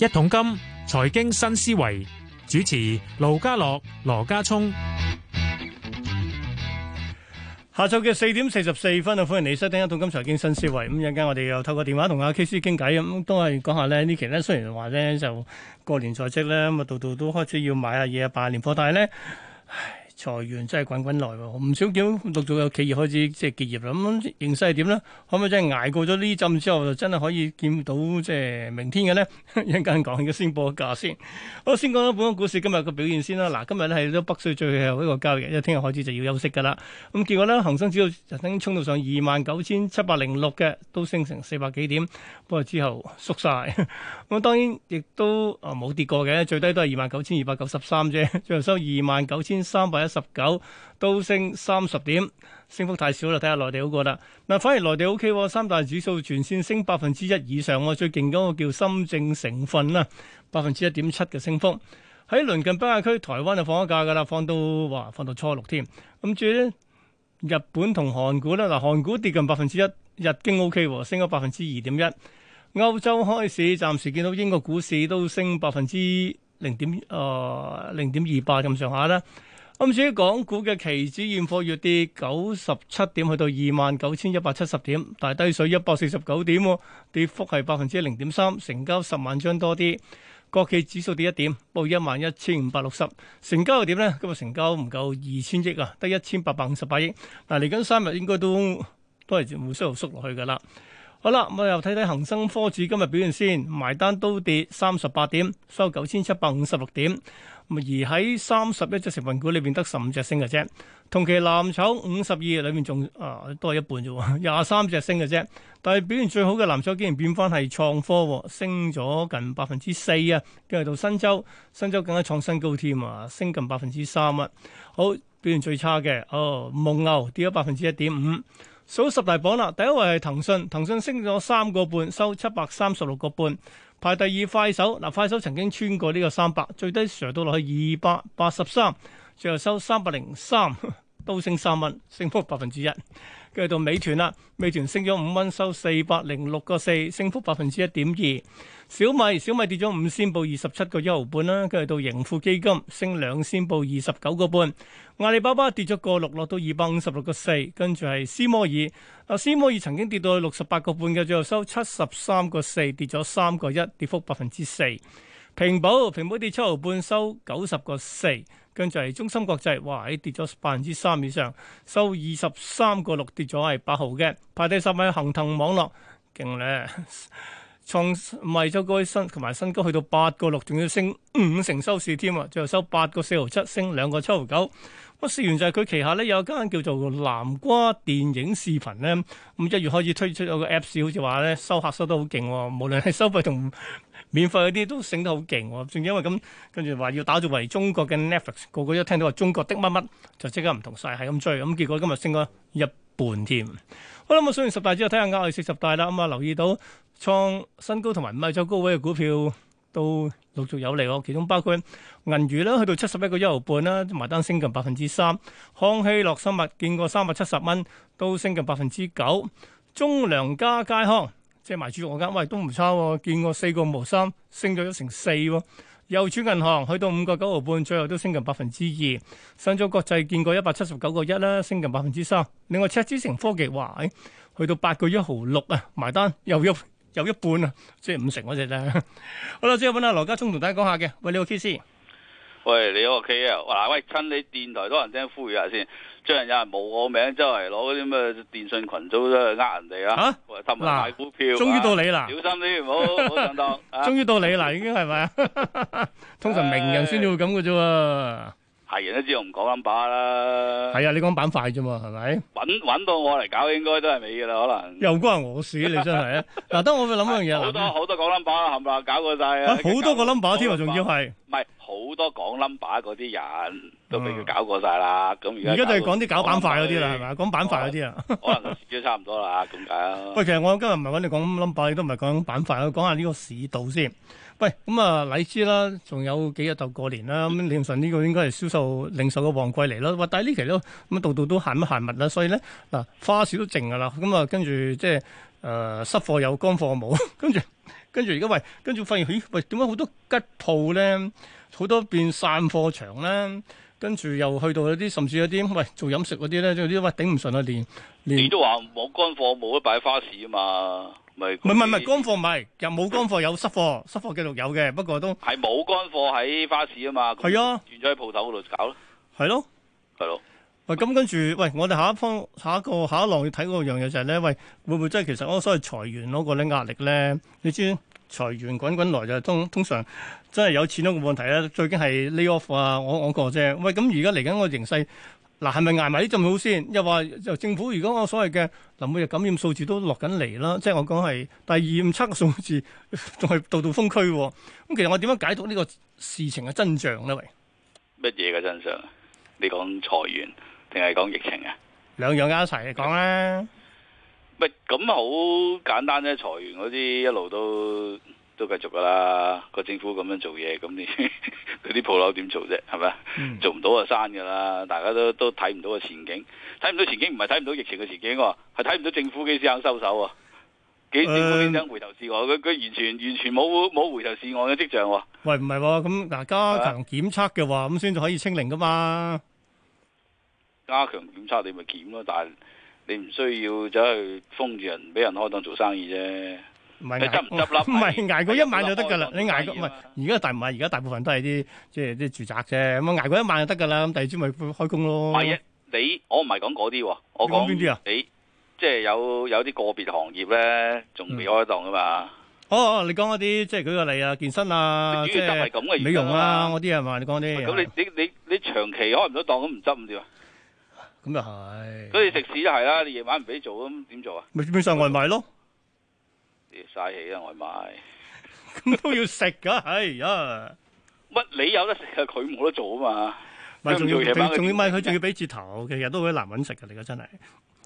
一桶金財經新思維，主持盧家樂、羅家聰，下晝嘅四點四十四分啊！歡迎你收聽一桶金財經新思維。咁一陣間我哋又透過電話同阿 KC 傾偈，咁，都係講下咧呢期呢，雖然話呢就過年在即呢，咁啊度度都開始要買下嘢、辦年貨，但係呢。唉。裁員真係滾滾來喎，唔少見陸續有企業開始即係結業啦。咁形勢係點呢？可唔可以真係捱過咗呢陣之後，就真係可以見到即係明天嘅呢？ 一陣間講，而家先報價先。好，先講翻本港股市今日嘅表現先啦。嗱，今日呢係都北水最後一個交易，因為聽日開始就要休息㗎啦。咁結果呢，恒生指數曾經衝到上二萬九千七百零六嘅，都升成四百幾點，不過之後縮晒，咁 當然亦都啊冇跌過嘅，最低都係二萬九千二百九十三啫，最後收二萬九千三百一。十九都升三十點，升幅太少啦。睇下內地好過啦。嗱，反而內地 OK，三大指數全線升百分之一以上。我最勁嗰個叫深證成分啦，百分之一點七嘅升幅。喺鄰近北亞區，台灣就放咗假噶啦，放到話放到初六添。咁至於呢，日本同韓股咧，嗱，韓股跌近百分之一，日經 O K 喎，升咗百分之二點一。歐洲開市，暫時見到英國股市都升百分之零點誒零點二八咁上下啦。今朝港股嘅期指現貨月跌九十七點，去到二萬九千一百七十點，但係低水一百四十九點，跌幅係百分之零點三，成交十萬張多啲。國企指數跌一點，報一萬一千五百六十，成交又點呢？今日成交唔夠二千億啊，得一千八百五十八億。嗱，嚟緊三日應該都都係需要縮落去噶啦。好啦，咁啊又睇睇恒生科指今日表現先，埋單都跌三十八點，收九千七百五十六點。而喺三十一隻成分股裏邊，得十五隻升嘅啫。同期藍籌五十二日裏面仲啊都係一半啫喎，廿三隻升嘅啫。但係表現最好嘅藍籌，竟然變翻係創科，升咗近百分之四啊！跟住到新洲，新洲更加創新高添啊，升近百分之三啊。好，表現最差嘅哦，蒙牛跌咗百分之一點五。數十大榜啦，第一位係騰訊，騰訊升咗三個半，收七百三十六個半。排第二快手、啊，快手曾經穿過呢個三百，最低時到落去二百八十三，最後收三百零三。 都升三蚊，升幅百分之一。跟住到美團啦，美團升咗五蚊，收四百零六個四，升幅百分之一點二。小米小米跌咗五仙，報二十七個一毫半啦。跟住到盈富基金，升兩仙，報二十九個半。阿里巴巴跌咗個六，落到二百五十六個四。跟住係斯摩爾，啊斯摩爾曾經跌到六十八個半嘅，最後收七十三個四，跌咗三個一，跌幅百分之四。平保平保跌七毫半，收九十個四。跟住係中心國際，哇！喺跌咗百分之三以上，收二十三個六，跌咗係八毫嘅，排第三位係恆騰網絡，勁咧，創賣咗個新同埋新高，去到八個六，仲要升五成收市添啊！最後收八個四毫七，升兩個七毫九。我試完就係佢旗下咧有一間叫做南瓜電影視頻咧，咁一月開始推出咗個 Apps，好似話咧收客收得好勁喎，無論係收費同，免費嗰啲都升得好勁，正因為咁跟住話要打造為中國嘅 Netflix，個個一聽到話中國的乜乜，就即刻唔同曬，係咁追，咁結果今日升咗一半添。好啦，咁上完十大之後，睇下亞太四十大啦。咁啊，留意到創新高同埋唔係走高位嘅股票都陸續有嚟咯，其中包括銀娛啦，去到七十一個一毫半啦，埋單升近百分之三；康希諾生物見過三百七十蚊，都升近百分之九；中糧家佳康。即係埋住我間，喂都唔差喎！見過四個毫三，升咗一成四喎。郵儲銀行，去到五個九毫半，最後都升近百分之二。申洲國際，見過一百七十九個一啦，升近百分之三。另外赤子城科技，哇！誒，去到八個一毫六啊，埋單又一又一半啦，即係五成嗰隻啦。好啦，先問下羅家聰同大家講下嘅，喂你 O K 先，喂你 O K 啊！嗱，喂，趁你電台多人聽，呼籲下先。最近有人冒我名周圍攞嗰啲咩電信群組都去呃人哋啊，吓？我同埋買股票，啊、終於到你啦，小心啲唔好，唔好 上當。終、啊、於到你啦，已經係咪啊？ 通常名人先至會咁嘅啫。係人都知道唔講 number 啦，係啊，你講板塊啫嘛，係咪？搵到我嚟搞，應該都係你噶啦，可能又關我事，你真係啊！嗱，等我諗樣嘢，好多好多講 number 冚巴搞過晒啊，好多個 number 添啊，仲要係唔係好多講 number 嗰啲人都俾佢搞過晒啦。咁而家而家就係講啲搞板塊嗰啲啦，係咪？講板塊嗰啲啊，可能就差唔多啦，咁解啊？喂，其實我今日唔係搵你講 number，亦都唔係講板塊，我講下呢個市道先。喂，咁啊，荔枝啦，仲有幾日就過年啦，咁理論上呢個應該係銷售零售嘅旺季嚟啦喂，但係呢期都咁度度都閒乜閒物啦，所以咧嗱、啊，花市都靜噶啦，咁啊、呃， 跟住即係誒，濕貨有，乾貨冇，跟住跟住而家喂，跟住發現咦，喂，點解好多吉鋪咧？好多變散貨場咧？跟住又去到有啲甚至有啲喂做飲食嗰啲咧，有啲喂頂唔順啊，連你都話冇乾貨冇都擺喺花市啊嘛。唔係唔係唔係乾貨唔係，又冇乾貨有濕貨，濕貨繼續有嘅，不過都係冇乾貨喺花市啊嘛，係啊轉咗喺鋪頭嗰度搞咯，係咯係咯，喂，咁跟住喂，我哋下一方下一個下一浪要睇嗰樣嘢就係、是、咧，喂，會唔會真係其實我所謂裁員嗰個咧壓力咧，你知裁員滾滾來就是、通通常真係有錢都冇問題啦最緊係 lay off 啊，我我個啫喂，咁而家嚟緊個形勢。嗱，係咪、啊、捱埋呢浸好先？又話由政府如果我所謂嘅嗱，每日感染數字都落緊嚟啦，即係我講係第二檢測嘅數字仲係度度封區。咁、啊、其實我點樣解讀呢個事情嘅真相咧？喂，乜嘢嘅真相？你講裁員定係講疫情啊？兩樣加一齊嚟講咧。喂，咁好簡單啫，裁員嗰啲一路都。都繼續噶啦，個政府咁樣做嘢，咁你佢啲鋪頭點做啫？係咪？嗯、做唔到就刪噶啦！大家都都睇唔到個前景，睇唔到前景唔係睇唔到疫情嘅前景喎，係睇唔到政府幾時肯收手喎？幾時會肯回頭是岸？佢佢完全完全冇冇回頭是岸嘅跡象喎。喂，唔係喎，咁嗱加強檢測嘅話，咁先至可以清零噶嘛？加強檢測你咪檢咯，但係你唔需要走去封住人，俾人開檔做生意啫。唔係，你執唔執笠，唔係挨過一晚就得噶啦！你挨過唔係？而家大唔係？而家大部分都係啲即係啲住宅啫，咁挨過一晚就得噶啦！咁第二朝咪開工咯。唔係啊，你我唔係講嗰啲，我講邊啲啊？你即係有有啲個別行業咧，仲未開檔噶嘛？哦，你講嗰啲即係舉個例啊，健身啊，即係美容啊，嗰啲啊嘛，你講啲。咁你你你你長期開唔到檔咁唔執點啊？咁又係。所以食肆就係啦，你夜晚唔俾做咁點做啊？咪基本上外賣咯。嘥氣啊外賣，咁都要食噶，哎呀，乜你有得食啊？佢冇得做啊嘛，咪仲要仲要咪佢仲要俾折頭，其實都好難揾食噶，而家真係。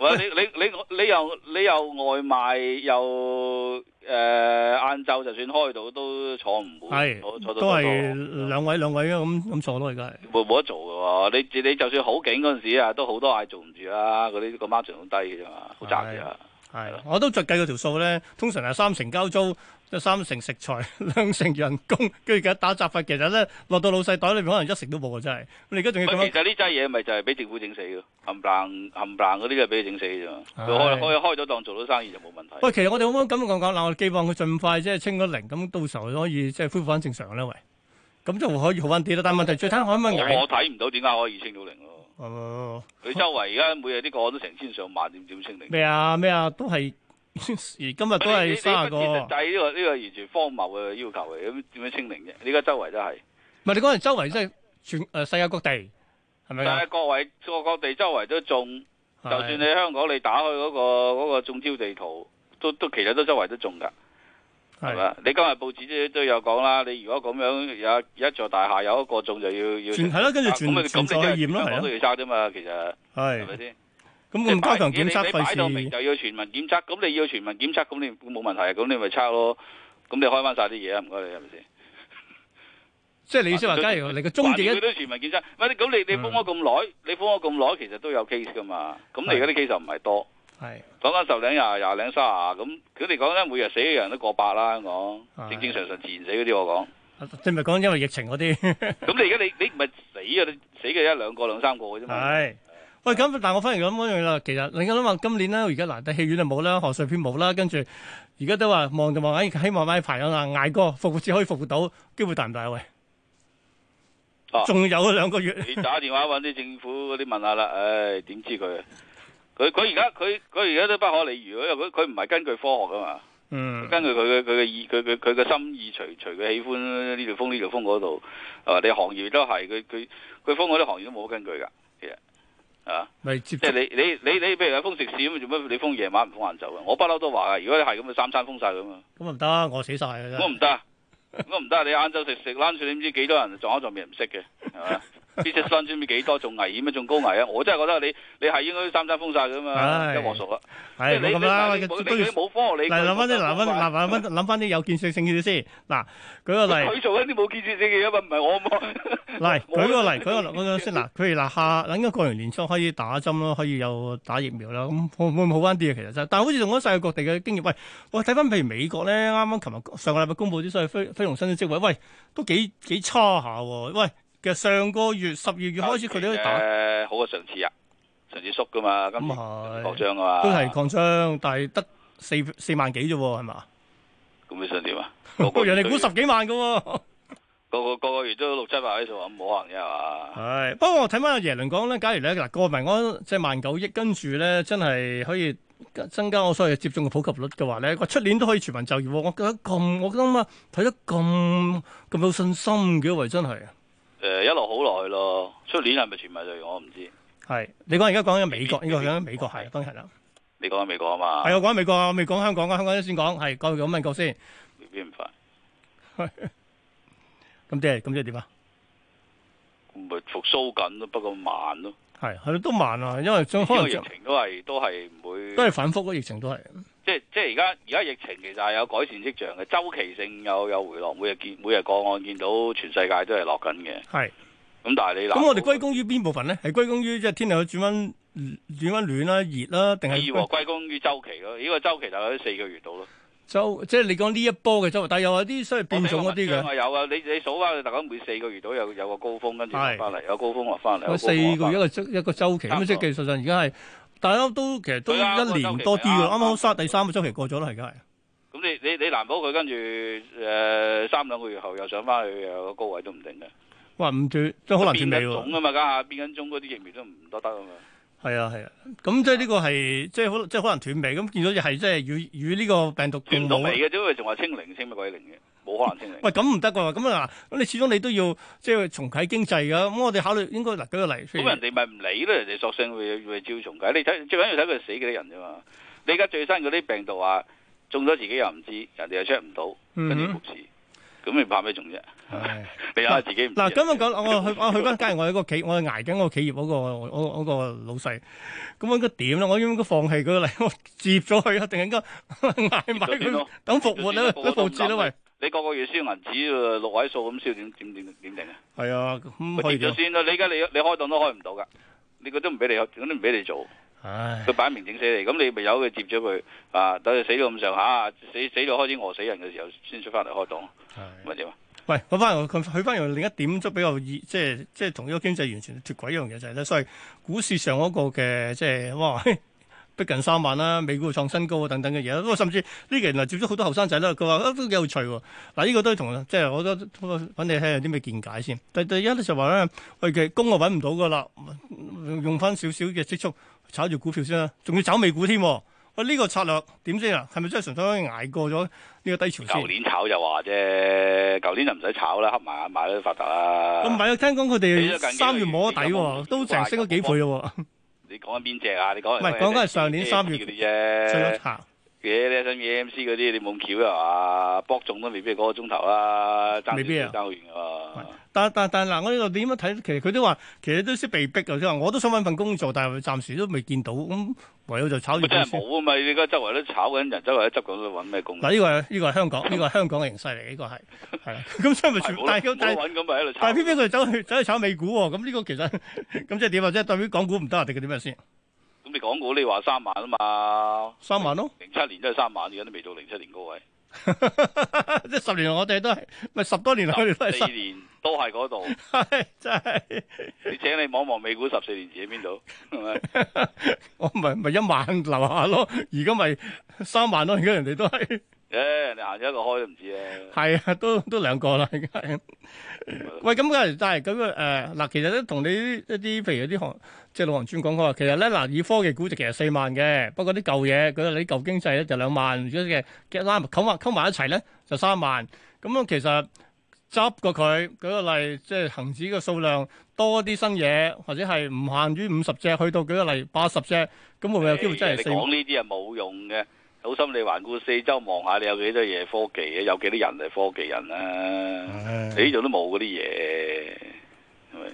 喂，你你你你又你又外賣又誒晏晝就算開到都坐唔滿，係都係兩位兩位咁咁坐咯，而家冇冇得做噶？你你就算好景嗰陣時啊，都好多嗌做唔住啦，嗰啲個 margin 好低嘅啫嘛，好窄嘅啊。係，我都在計嗰條數咧。通常係三成交租，即三成食材，兩成人工，跟住而家打雜費。其實咧落到老細袋，裏面可能一成都冇啊！真係。你而家仲要咁樣？其實呢劑嘢咪就係俾政府整死嘅，冚唪唥冚唪唥嗰啲就俾佢整死啫嘛。我我又開咗檔，做到生意就冇問題。喂，其實我哋好冇咁講講，嗱，我哋寄望佢盡快即係清咗零，咁到時候可以即係恢復翻正常咧，喂。咁就可以好翻啲啦。但問題最慘係乜嘢？我睇唔到點解可以清到零咯。哦，佢、uh, 周圍而家每日呢個，個都成千上萬，點點清零？咩啊咩啊，都係而今日都係卅個。你呢、呢個呢、呢個完全荒謬嘅要求嚟，咁點樣清零啫？你而家周圍都係。唔係你講係周圍即係全誒世界各地係咪？是是但係各位各個地周圍都種，的就算你香港你打開嗰、嗰個、嗰個中招地圖，都都其實都周圍都種噶。係啦，你今日報紙都都有講啦。你如果咁樣有一一座大廈有一個中就要要係咯，跟住全咁嘅咁多驗咯，講都要測啫嘛。其實係咪先？咁咁加強檢測，你擺到明就要全民檢測。咁你要全民檢測，咁你冇問題，咁你咪測咯。咁你開翻晒啲嘢啊，唔該你，係咪先？即係你意思話，假如你個中地一，佢都全民檢測。唔係咁，你你封咗咁耐，你封咗咁耐，其實都有 case 噶嘛。咁你而家啲 case 就唔係多。係講緊十零廿廿零卅咁，佢哋講咧每日死嘅人都過百啦。講正正常常自然死嗰啲，我講即係咪講因為疫情嗰啲？咁你而家你你唔係死啊你死嘅一兩個兩三個嘅啫嘛。係是是喂，咁但我反而咁嗰樣啦。其實你咁諗話今年咧，而家嗱，啲戲院就冇啦，賀歲片冇啦，跟住而家都話望就望希望埋朋友啊，嗌歌復，只可以復活到，機會大唔大喂？仲有兩個月。你打電話搵啲政府嗰啲問下啦。唉、哎，點知佢？佢佢而家佢佢而家都不可理喻，佢佢唔係根據科學㗎嘛，嗯，根據佢嘅佢嘅意，佢佢佢嘅心意隨隨佢喜歡呢條風呢條風嗰度，啊，你行業都係佢佢佢封嗰啲行業都冇根據㗎，其實啊，即係你你你你譬如話封食肆咁，做乜你封夜晚唔封晏晝㗎？我不嬲都話㗎，如果你係咁就三餐封晒㗎嘛，咁唔得，我死晒㗎，咁唔得，咁唔得，你晏晝食食攬住，你唔知幾多人撞一撞面唔識嘅，係嘛？非色生酸咪幾多？仲危險啊！仲高危啊！我真係覺得你你係應該三針封晒嘅嘛，即係熟啦。係你咁啦，不如你冇幫我。你嗱諗翻啲，嗱翻，嗱翻，諗翻啲有建設性嘅嘢先。嗱，舉個例，佢做緊啲冇建設性嘅嘢嘛？唔係我唔好。嗱，舉個例，舉個舉先。嗱，佢如嗱下，等應該過完年初可以打針咯，可以有打疫苗啦。咁會唔會好翻啲啊？其實真係，但係好似仲有啲世界各地嘅經驗，喂，我睇翻譬如美國咧，啱啱琴日上個禮拜公佈啲所謂非非農新增職位，喂，都幾幾差下喎，喂。其實上個月十二月開始，佢哋都打好過上次啊。上次縮噶嘛，咁擴張啊嘛，都係擴張，但係得四四萬幾啫，係嘛？咁你想點啊？個人哋估十幾萬噶，個個個個月都六七萬喺度，唔好行嘅係嘛？係不過我睇翻阿耶倫講咧，假如咧嗱，個民安即係萬九億，跟住咧真係可以增加我所謂接種嘅普及率嘅話咧，個出年都可以全民就業。我覺得咁，我諗啊，睇得咁咁有信心嘅位，真係。誒、呃，一路好耐咯，出年係咪全埋嚟我唔知。係你講而家講緊美國，應該講緊美國係當日啦，你講緊美國啊嘛。係我講緊美國未講香港啊？香港先講，係講咁問過先。未必唔快。咁即係咁即係點啊？唔係復甦緊咯，不過慢咯。係係都慢啊，因為可能疫情都係都係唔會，都係反覆嘅，疫情都係。即係即係而家而家疫情其實係有改善跡象嘅，周期性有有回落，每日見每日個案見到全世界都係落緊嘅。係咁係，但係你咁我哋歸功於邊部分咧？係歸功於即係天氣轉温轉溫暖啦、啊、熱啦、啊，定係？歸功於周期咯，呢、這個周期大概四個月度咯。周即係你講呢一波嘅周期，但係有啲雖然變種嗰啲嘅，有啊。你你數翻，大概每四個月度有有個高峰，跟住落翻嚟，有高峰落翻嚟。四個月一個一個周期咁，即係技術上而家係。大家都其實都一年多啲嘅，啱啱三第三個週期過咗啦，而家係。咁你你你難保佢跟住誒三兩個月後又上翻去有個高位都唔定嘅。哇！唔絕即係好難斷尾喎。啊嘛，家下邊間種嗰啲疫苗都唔多得啊嘛。係啊係啊，咁、啊、即係呢個係即係好即係可能斷尾咁見到又係即係與與呢個病毒斷尾嘅，只仲話清零清乜鬼零嘅。冇可能聽，喂咁唔得噶喎，咁嗱，咁你始終你都要即係重啟經濟噶，咁我哋考慮應該嗱，舉個例。咁人哋咪唔理咧，人哋索性會照重啟。你睇最緊要睇佢死幾多人啫嘛？你而家最新嗰啲病毒啊，中咗自己又唔知，人哋又出唔到，跟住復試，咁你怕咩中啫？你睇下自己。嗱咁啊講，我去我去翻街，假如我喺個企，我捱緊個企業嗰個，老細，咁應該點咧？我應該放棄嗰個嚟，我接咗佢啊？定應該捱埋佢等復活咧？都復喂！你個個月燒銀紙六位數咁燒，點點點點定啊？係、嗯、啊，咁咗先啦！你而家你你開檔都開唔到噶，你佢都唔俾你開，佢唔俾你做。唉，佢擺明整死你，咁你咪由佢接咗佢啊！等佢死到咁上下，死死到開始餓死人嘅時候，先出翻嚟開檔，明點啊？喂，講翻佢，佢翻另一點都比較易，即係即係同呢個經濟完全脱軌一樣嘢，就係、是、咧，所以股市上嗰個嘅即係哇。 逼近三萬啦，美股創新高啊，等等嘅嘢啦，都甚至呢幾年嚟接觸好多後生仔啦，佢話都幾有趣喎。嗱，呢個都同即係我覺得揾你聽有啲咩見解先。第第一就話咧，喂，其實工我揾唔到噶啦，用翻少少嘅積蓄炒住股票先啦，仲要炒美股添。喂，呢個策略點先啊？係咪真係純粹可以捱過咗呢個低潮先？舊年炒就話啫，舊年就唔使炒啦，合埋眼買都發達啦。咁唔係啊？聽講佢哋三月冇得底喎，都成升咗幾倍喎。你講緊邊隻啊？你講唔係講緊係上年月，啊、三月嗰啲啫。查嘅你一想 E M C 嗰啲，你冇巧啊？啊，搏中都未必嗰個鐘頭啦，啊、未必啊，爭好遠但但嗱，我呢度點樣睇？其實佢都話，其實都識被逼啊！即係話，我都想揾份工作，但係暫時都未見到，咁唯有就炒遠啲先。真係冇啊嘛！你而家周圍都炒緊人，周圍都執緊都揾咩工？嗱，呢、呢個呢個係香港，呢 個係香港嘅形勢嚟，呢、呢個係係咁，所以咪全部都揾咁，咪喺度炒。但偏偏佢走去走去炒美股喎，咁呢個其實咁即係點啊？即係代表港股唔得定嘅點樣先？咁你港股、啊、你話三萬啊嘛？三萬咯，零七年都係三萬，而家都未到零七年高位。即係 十年我哋都係，咪十多年來四年都係嗰度，真係。你請你望望美股十四年前喺邊度？ 我咪咪一萬樓下咯，而家咪三萬咯，而家人哋都係。誒，yeah, 你行咗一個開都唔知，啊！係啊，都都兩個啦。而 家、嗯嗯、喂，咁梗係但係嗰個誒嗱，其實咧同你一啲譬如啲行即係老行專講過話，其實咧嗱，以科技估值其實四萬嘅，不過啲舊嘢嗰啲舊經濟咧就兩、是、萬，如果嘅嘅拉埋溝埋一齊咧就三萬。咁、嗯、啊，其實執過佢嗰、那個例，即、就、係、是、恒指嘅數量多啲新嘢，或者係唔限於五十隻，去到舉個例八十隻，咁會唔會有機會真係四萬。講呢啲係冇用嘅。好心，你環顧四周望下，你有幾多嘢科技嘅，有幾多人係科技人啦？你呢度都冇嗰啲嘢，係咪？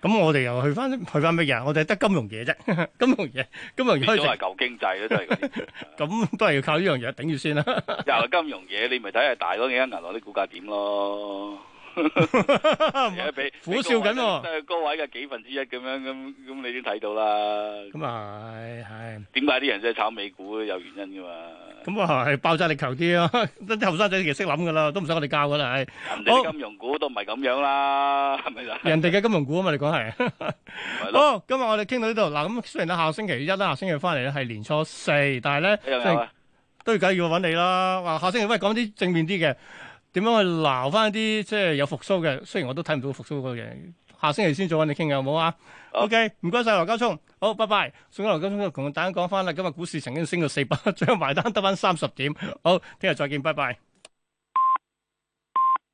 咁我哋又去翻去翻乜嘢啊？我哋得金融嘢啫，金融嘢，金融嘢都係舊經濟咯，都係嗰啲，咁，都係要靠呢樣嘢頂住先啦。又係金融嘢，你咪睇下大嗰幾間銀行啲股價點咯。而家俾苦笑緊喎，都係高位嘅幾分之一咁樣，咁咁你都睇到啦。咁啊，係點解啲人真係炒美股有原因噶嘛？咁啊，係爆炸力強啲咯。啲後生仔其實識諗噶啦，都唔使我哋教噶啦。人哋金融股都唔係咁樣啦，係咪啦？人哋嘅金融股啊嘛，你講係。好，今日我哋傾到呢度。嗱，咁雖然咧下星期一啦，下星期翻嚟咧係年初四，但係咧都有啊，都要繼續揾你啦。話下星期，喂，講啲正面啲嘅。點樣去撈翻啲即係有復蘇嘅？雖然我都睇唔到復蘇嘅，下星期先再揾你傾，好唔好啊？OK，唔該晒羅家聰，好，拜拜。咁阿羅家聰同大家講翻啦，今日股市曾經升到四百，最後埋單得翻三十點。好，聽日再見，拜拜。